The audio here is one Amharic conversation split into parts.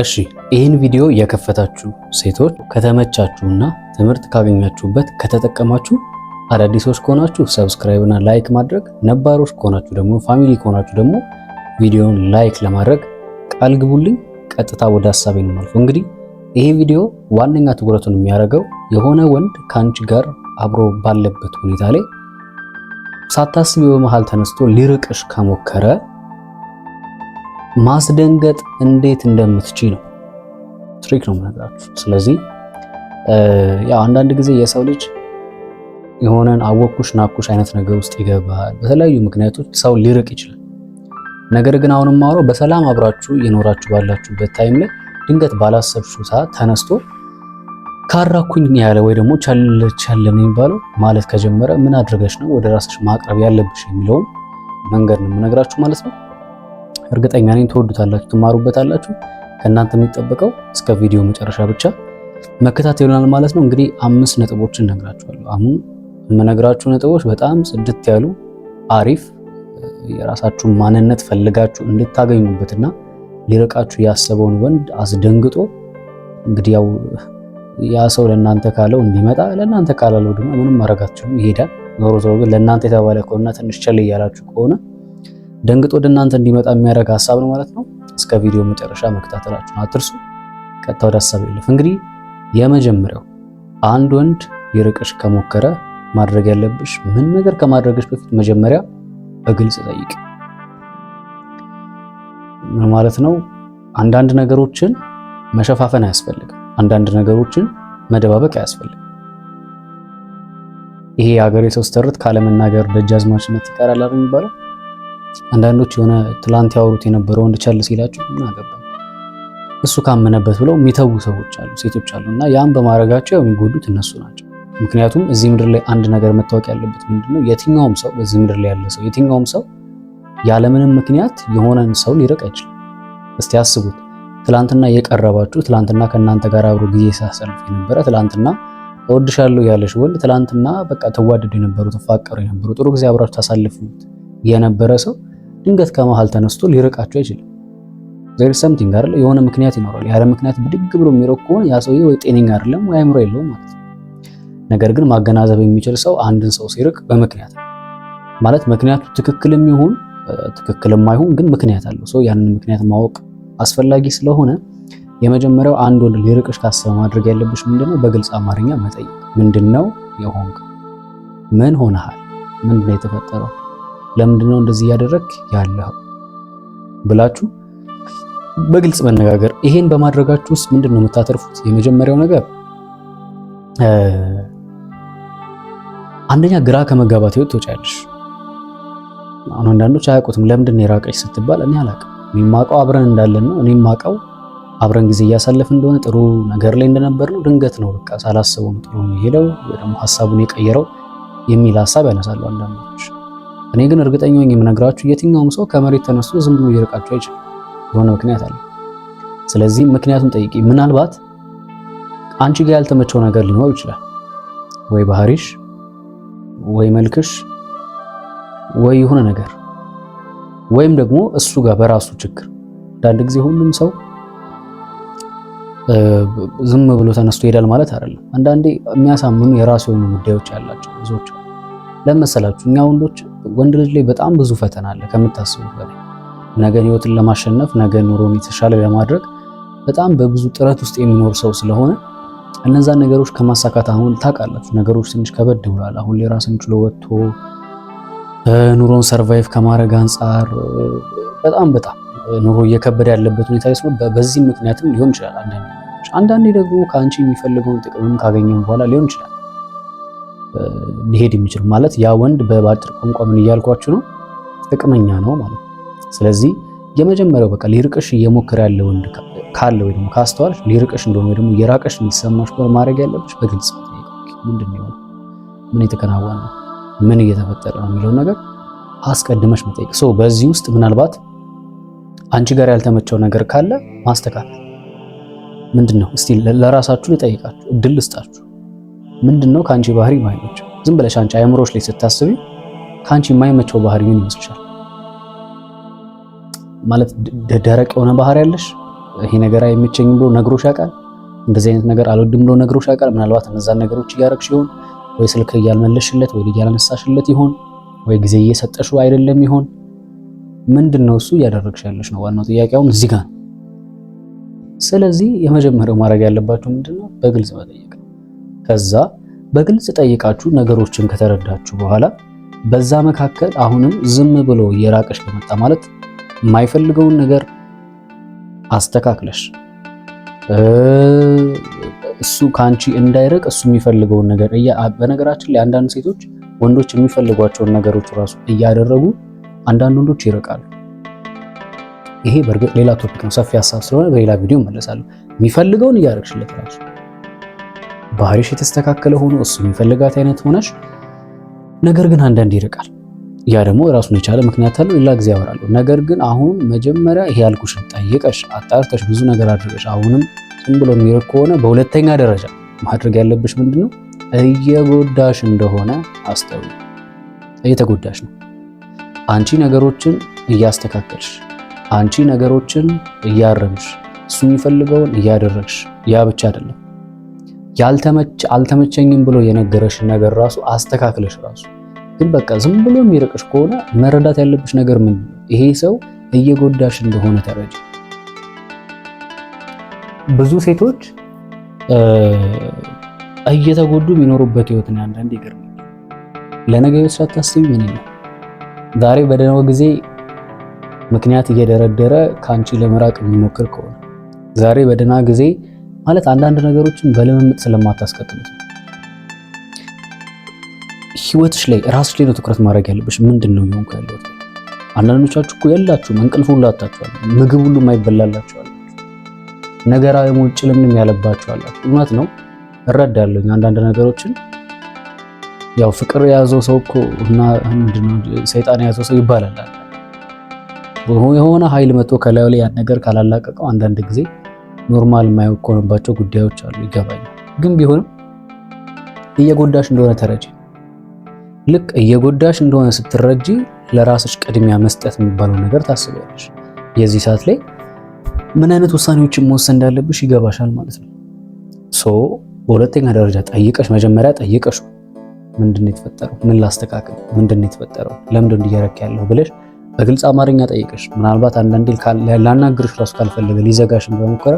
እሺ ይህን ቪዲዮ የከፈታችሁ ሴቶች ከተመቻችሁና ትምህርት ካገኛችሁበት ከተጠቀማችሁ፣ አዳዲሶች ከሆናችሁ ሰብስክራይብ እና ላይክ ማድረግ፣ ነባሮች ከሆናችሁ ደግሞ ፋሚሊ ከሆናችሁ ደግሞ ቪዲዮውን ላይክ ለማድረግ ቃል ግቡልኝ። ቀጥታ ወደ ሀሳቤ ነው የማልፈው። እንግዲህ ይሄ ቪዲዮ ዋነኛ ትኩረቱን የሚያደርገው የሆነ ወንድ ከአንቺ ጋር አብሮ ባለበት ሁኔታ ላይ ሳታስቢ በመሃል ተነስቶ ሊርቅሽ ከሞከረ ማስደንገጥ እንዴት እንደምትች ነው ትሪክ ነው የምነግራችሁ። ስለዚህ ያው አንዳንድ ጊዜ የሰው ልጅ የሆነን አወቅኩሽ ናኩሽ አይነት ነገር ውስጥ ይገባል። በተለያዩ ምክንያቶች ሰው ሊርቅ ይችላል። ነገር ግን አሁንም ማውራው በሰላም አብራችሁ የኖራችሁ ባላችሁበት ታይም ላይ ድንገት ባላሰብሽው ሰዓት ተነስቶ ካራኩኝ ያለ ወይ ደግሞ ቸልቻለ የሚባለው ማለት ከጀመረ ምን አድርገሽ ነው ወደ ራስሽ ማቅረብ ያለብሽ የሚለውን መንገድ ነው የምነግራችሁ ማለት ነው። እርግጠኛ ነኝ ትወዱታላችሁ፣ ትማሩበታላችሁ። ከእናንተ የሚጠበቀው እስከ ቪዲዮ መጨረሻ ብቻ መከታተል ይሆናል ማለት ነው። እንግዲህ አምስት ነጥቦችን እነግራችኋለሁ። አሁን የምነግራችሁ ነጥቦች በጣም ጽድት ያሉ አሪፍ የራሳችሁን ማንነት ፈልጋችሁ እንድታገኙበትና ሊርቃችሁ ያሰበውን ወንድ አስደንግጦ እንግዲህ ያው ያ ሰው ለእናንተ ካለው እንዲመጣ ለእናንተ ካላለው ደግሞ ምንም ማድረግ አትችሉም፣ ይሄዳል። ዞሮ ዞሮ ግን ለእናንተ የተባለ ከሆነና ትንሽ ቸል እያላችሁ ከሆነ ደንግጦ ወደ እናንተ እንዲመጣ የሚያደርግ ሀሳብ ነው ማለት ነው። እስከ ቪዲዮ መጨረሻ መከታተላችሁን አትርሱ። ቀጥታ ወደ ሀሳብ ይለፍ። እንግዲህ የመጀመሪያው አንድ ወንድ ይርቅሽ ከሞከረ ማድረግ ያለብሽ ምን ነገር ከማድረግሽ በፊት መጀመሪያ በግልጽ ጠይቅ። ምን ማለት ነው? አንዳንድ ነገሮችን መሸፋፈን አያስፈልግም። አንዳንድ ነገሮችን መደባበቅ አያስፈልግም። ይሄ የሀገሬ ሰው ስተርት ካለመናገር ደጃዝማችነት ይቀራል የሚባለው አንዳንዶች የሆነ ትላንት ያወሩት የነበረው ወንድ ቸል ሲላችሁ ምን አገባ እሱ ካመነበት ብለው የሚተዉ ሰዎች አሉ፣ ሴቶች አሉ። እና ያን በማድረጋቸው የሚጎዱት እነሱ ናቸው። ምክንያቱም እዚህ ምድር ላይ አንድ ነገር መታወቅ ያለበት ምንድነው፣ የትኛውም ሰው በዚህ ምድር ላይ ያለ ሰው የትኛውም ሰው ያለምንም ምክንያት የሆነን ሰው ሊርቅ አይችልም። እስቲ አስቡት፣ ትላንትና የቀረባችሁ፣ ትላንትና ከእናንተ ጋር አብሮ ጊዜ ሲያሳልፍ የነበረ፣ ትላንትና እወድሻለሁ ያለሽ ወንድ፣ ትላንትና በቃ ተዋደዱ የነበሩ ተፋቀሩ የነበሩ ጥሩ ጊዜ አብራችሁ ታሳልፉት የነበረ ሰው ድንገት ከመሃል ተነስቶ ሊርቃቸው አይችልም። ዜር ሰምቲንግ አይደል? የሆነ ምክንያት ይኖራል። ያለ ምክንያት ብድግ ብሎ የሚሮቅ ከሆነ ያ ሰውዬ ወይ ጤነኛ አይደለም ወይ አይምሮ የለውም ማለት ነው። ነገር ግን ማገናዘብ የሚችል ሰው አንድን ሰው ሲርቅ በምክንያት ማለት ምክንያቱ ትክክልም ይሁን ትክክልም አይሁን ግን ምክንያት አለው። ሰው ያንን ምክንያት ማወቅ አስፈላጊ ስለሆነ የመጀመሪያው አንድ ወንድ ሊርቅሽ ካሰበ ማድረግ ያለብሽ ምንድነው? በግልጽ አማርኛ መጠየቅ። ምንድነው የሆንክ? ምን ሆነሃል? ምንድነው የተፈጠረው? ለምንድነው እንደዚህ እያደረግክ ያለው ብላችሁ በግልጽ መነጋገር። ይሄን በማድረጋችሁ ውስጥ ምንድነው የምታተርፉት? የመጀመሪያው ነገር አንደኛ ግራ ከመጋባት ህይወት ትወጫለሽ። አሁን አንዳንዶች አያውቁትም። ለምንድን የራቀች ስትባል እኔ አላውቅም። እኔ የማውቀው አብረን እንዳለን ነው። እኔ የማውቀው አብረን ጊዜ እያሳለፍን እንደሆነ ጥሩ ነገር ላይ እንደነበር ነው። ድንገት ነው በቃ ሳላስበው ጥሩ ነው የሄደው ወይ ደግሞ ሀሳቡን የቀየረው የሚል ሀሳብ ያነሳሉ አንዳንዶች። እኔ ግን እርግጠኛ ሆኜ የምነግራችሁ የትኛውም ሰው ከመሬት ተነስቶ ዝም ብሎ ሊርቃችሁ አይችልም። የሆነ ምክንያት አለ። ስለዚህ ምክንያቱም ጠይቂ። ምናልባት አንቺ ጋር ያልተመቸው ነገር ሊኖር ይችላል። ወይ ባህሪሽ፣ ወይ መልክሽ፣ ወይ የሆነ ነገር ወይም ደግሞ እሱ ጋር በራሱ ችግር። አንዳንድ ጊዜ ሁሉም ሰው ዝም ብሎ ተነስቶ ይሄዳል ማለት አይደለም። አንዳንዴ የሚያሳምኑ የራሱ የሆኑ ጉዳዮች ያላቸው ብዙዎች ለመሰላችሁ እኛ ወንዶች ወንድ ልጅ ላይ በጣም ብዙ ፈተና አለ ከምታስቡት በላይ። ነገን ህይወትን ለማሸነፍ ነገ ኑሮን የተሻለ ለማድረግ በጣም በብዙ ጥረት ውስጥ የሚኖር ሰው ስለሆነ እነዛን ነገሮች ከማሳካት አሁን ታውቃላችሁ፣ ነገሮች ትንሽ ከበድ ብሏል። አሁን ላይ ራስን ችሎ ወጥቶ ኑሮን ሰርቫይቭ ከማድረግ አንጻር በጣም በጣም ኑሮ እየከበደ ያለበት ሁኔታ ሲሆን በዚህ ምክንያትም ሊሆን ይችላል። አንዳንዴ ደግሞ ከአንቺ የሚፈልገውን ጥቅምም ካገኘም በኋላ ሊሆን ይችላል ሊሄድ የሚችል ማለት ያ ወንድ በባጭር ቋንቋ ምን እያልኳችሁ ነው? ጥቅመኛ ነው ማለት ነው። ስለዚህ የመጀመሪያው በቃ ሊርቅሽ እየሞከረ ያለ ወንድ ካለ ወይ ደግሞ ካስተዋልሽ ሊርቅሽ እንደሆነ ወይ ደግሞ የራቀሽ እንዲሰማሽ ከሆነ ማድረግ ያለብሽ በግልጽ ምንድን ነው ምን የተከናወነ ምን እየተፈጠረ ነው የሚለውን ነገር አስቀድመሽ መጠየቅ። ሶ በዚህ ውስጥ ምናልባት አንቺ ጋር ያልተመቸው ነገር ካለ ማስተካከል ምንድን ነው እስቲ ለራሳችሁ ልጠይቃችሁ እድል ልስጣችሁ። ምንድነው ከአንቺ ባህሪ የማይመቸው? ዝም ብለሽ አንቺ አእምሮሽ ላይ ስታስቢ ከአንቺ የማይመቸው ባህሪ ምን ይመስልሻል? ማለት ደረቅ የሆነ ባህሪ ያለሽ ይሄ ነገር አይመቸኝም ብሎ ነግሮሽ ያውቃል? እንደዚህ አይነት ነገር አልወድም ብሎ ነግሮሽ ያውቃል? ምናልባት እነዛን ነገሮች እያረግሽ ይሆን ወይ? ስልክ እያልመለሽለት ወይ ልጅ ይሆን ወይ? ጊዜ እየሰጠሽው አይደለም ይሆን? ምንድነው እሱ እያደረግሽ ያለሽ ነው ዋናው ጥያቄ። አሁን እዚህ ጋር ነው። ስለዚህ የመጀመሪያው ማድረግ ያለባችሁ ምንድነው በግልጽ መጠየቅ ከዛ በግልጽ ጠይቃችሁ ነገሮችን ከተረዳችሁ በኋላ በዛ መካከል አሁንም ዝም ብሎ እየራቀሽ በመጣ ማለት የማይፈልገውን ነገር አስተካክለሽ እሱ ከአንቺ እንዳይርቅ እሱ የሚፈልገውን ነገር በነገራችን ላይ አንዳንድ ሴቶች ወንዶች የሚፈልጓቸውን ነገሮች ራሱ እያደረጉ አንዳንድ ወንዶች ይርቃሉ። ይሄ በእርግጥ ሌላ ቶፒክ ነው፣ ሰፊ ሀሳብ ስለሆነ በሌላ ቪዲዮ እመለሳለሁ። የሚፈልገውን እያደረግሽለት ራሱ ባህሪሽ የተስተካከለ ሆኖ እሱ የሚፈልጋት አይነት ሆነሽ፣ ነገር ግን አንዳንድ ይርቃል። ያ ደግሞ ራሱን የቻለ ምክንያት አለው። ሌላ ጊዜ ያወራሉ። ነገር ግን አሁን መጀመሪያ ይሄ ያልኩሽን ጠይቀሽ አጣርተሽ ብዙ ነገር አድርገሽ አሁንም ዝም ብሎ የሚርቅ ከሆነ በሁለተኛ ደረጃ ማድረግ ያለብሽ ምንድን ነው? እየጎዳሽ እንደሆነ አስተውይ። እየተጎዳሽ ነው። አንቺ ነገሮችን እያስተካከልሽ፣ አንቺ ነገሮችን እያረምሽ፣ እሱ የሚፈልገውን እያደረግሽ፣ ያ ብቻ አይደለም ያልተመች አልተመቸኝም ብሎ የነገረሽ ነገር ራሱ አስተካክለሽ ራሱ ግን በቃ ዝም ብሎ የሚርቅሽ ከሆነ መረዳት ያለብሽ ነገር ምን ይሄ ሰው እየጎዳሽ እንደሆነ ተረጅ። ብዙ ሴቶች እየተጎዱ የሚኖሩበት ህይወት ነው። አንዳንድ ይገርም ለነገ ህይወት ሳታስቢ ምን ነው ዛሬ በደህናው ጊዜ ምክንያት እየደረደረ ከአንቺ ለመራቅ የሚሞክር ከሆነ ዛሬ በደህና ጊዜ ማለት አንዳንድ ነገሮችን በልምምጥ ስለማታስቀጥሉት ህይወትሽ ላይ ራስሽ ላይ ነው ትኩረት ማድረግ ያለብሽ። ምንድን ነው የሆንኩ ያለሁት? አንዳንዶቻችሁ እኮ የላችሁም፣ እንቅልፍ ሁሉ አታችኋል፣ ምግብ ሁሉ የማይበላላችኋል፣ ነገራዊ ሙሉ ጭልምንም ያለባችሁ አላችሁ። እውነት ነው እረዳለሁ። አንዳንድ ነገሮችን ያው ፍቅር የያዘው ሰው እኮ እና ምንድነው ሰይጣን የያዘው ሰው ይባላል። የሆነ ኃይል መጥቶ ከላዩ ላይ ያን ነገር ካላላቀቀው አንዳንድ ጊዜ ኖርማል የማይኮንባቸው ጉዳዮች አሉ፣ ይገባኛል። ግን ቢሆንም እየጎዳሽ እንደሆነ ተረጂ። ልክ እየጎዳሽ እንደሆነ ስትረጂ ለራስሽ ቅድሚያ መስጠት የሚባለው ነገር ታስቢያለሽ። የዚህ ሰዓት ላይ ምን አይነት ውሳኔዎችን መወሰን እንዳለብሽ ይገባሻል ማለት ነው። ሶ በሁለተኛ ደረጃ ጠይቀሽ መጀመሪያ ጠይቀሽ ምንድን ነው የተፈጠረው? ምን ላስተካከል? ምንድን ነው የተፈጠረው? ለምንድን እንዲያረክ ያለው ብለሽ በግልጽ አማርኛ ጠይቀሽ፣ ምናልባት አንዳንዴ ላናግርሽ ራሱ ካልፈለገ ሊዘጋሽ በሞከረ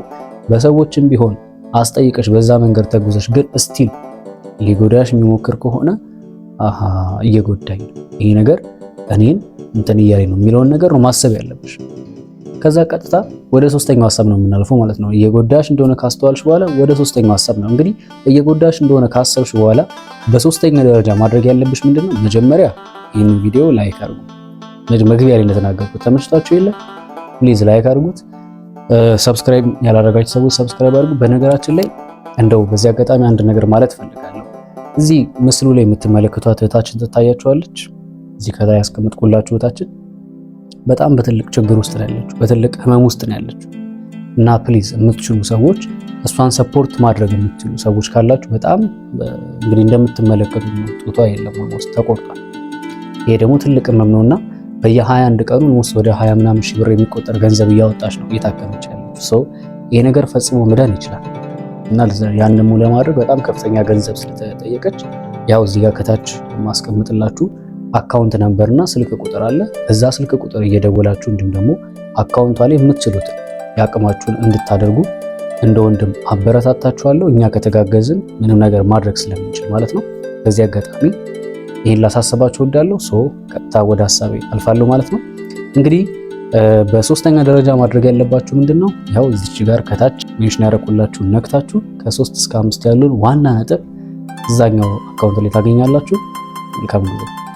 በሰዎችም ቢሆን አስጠይቀሽ በዛ መንገድ ተጉዘሽ ግን እስቲል ሊጎዳሽ የሚሞክር ከሆነ አሃ እየጎዳኝ ነው ይሄ ነገር እኔን እንትን እያለኝ ነው የሚለውን ነገር ነው ማሰብ ያለብሽ። ከዛ ቀጥታ ወደ ሶስተኛው ሀሳብ ነው የምናልፈው ማለት ነው። እየጎዳሽ እንደሆነ ካስተዋልሽ በኋላ ወደ ሶስተኛው ሀሳብ ነው እንግዲህ። እየጎዳሽ እንደሆነ ካሰብሽ በኋላ በሶስተኛ ደረጃ ማድረግ ያለብሽ ምንድነው መጀመሪያ ይህን ቪዲዮ ላይክ አድርጉ። መግቢያ ላይ እንደተናገርኩት ተመችቷችሁ የለ ፕሊዝ ላይክ አድርጉት። ሰብስክራይብ ያላደረጋችሁ ሰዎች ሰብስክራይብ አድርጉ። በነገራችን ላይ እንደው በዚህ አጋጣሚ አንድ ነገር ማለት ፈልጋለሁ። እዚህ ምስሉ ላይ የምትመለከቷት እህታችን ትታያችኋለች። እዚህ ከላይ ያስቀምጥኩላችሁ እህታችን በጣም በትልቅ ችግር ውስጥ ነው ያለችው፣ በትልቅ ህመም ውስጥ ነው ያለችው እና ፕሊዝ የምትችሉ ሰዎች እሷን ሰፖርት ማድረግ የምትችሉ ሰዎች ካላችሁ በጣም እንግዲህ እንደምትመለከቱ ጡቷ የለም ተቆርጧል። ይሄ ደግሞ ትልቅ ህመም ነውና በየ21 ቀኑ ሞስ ወደ 20 ምናምን ሺህ ብር የሚቆጠር ገንዘብ እያወጣች ነው እየታከመች ያለችው። ሰው ይሄ ነገር ፈጽሞ መዳን ይችላል እና ያን ደግሞ ለማድረግ በጣም ከፍተኛ ገንዘብ ስለተጠየቀች ያው እዚህ ጋር ከታች ማስቀምጥላችሁ አካውንት ነምበር እና ስልክ ቁጥር አለ። እዛ ስልክ ቁጥር እየደወላችሁ እንዲሁም ደግሞ አካውንቷ ላይ የምትችሉት የአቅማችሁን እንድታደርጉ እንደ ወንድም አበረታታችኋለሁ። እኛ ከተጋገዝን ምንም ነገር ማድረግ ስለምንችል ማለት ነው። በዚህ አጋጣሚ ይህን ላሳስባችሁ እወዳለሁ። ሶ ቀጥታ ወደ ሀሳቤ አልፋለሁ ማለት ነው። እንግዲህ በሶስተኛ ደረጃ ማድረግ ያለባችሁ ምንድን ነው? ያው እዚች ጋር ከታች ሜንሽን ያደረኩላችሁ ነክታችሁ ከሶስት እስከ አምስት ያሉን ዋና ነጥብ እዛኛው አካውንት ላይ ታገኛላችሁ። መልካም ጊዜ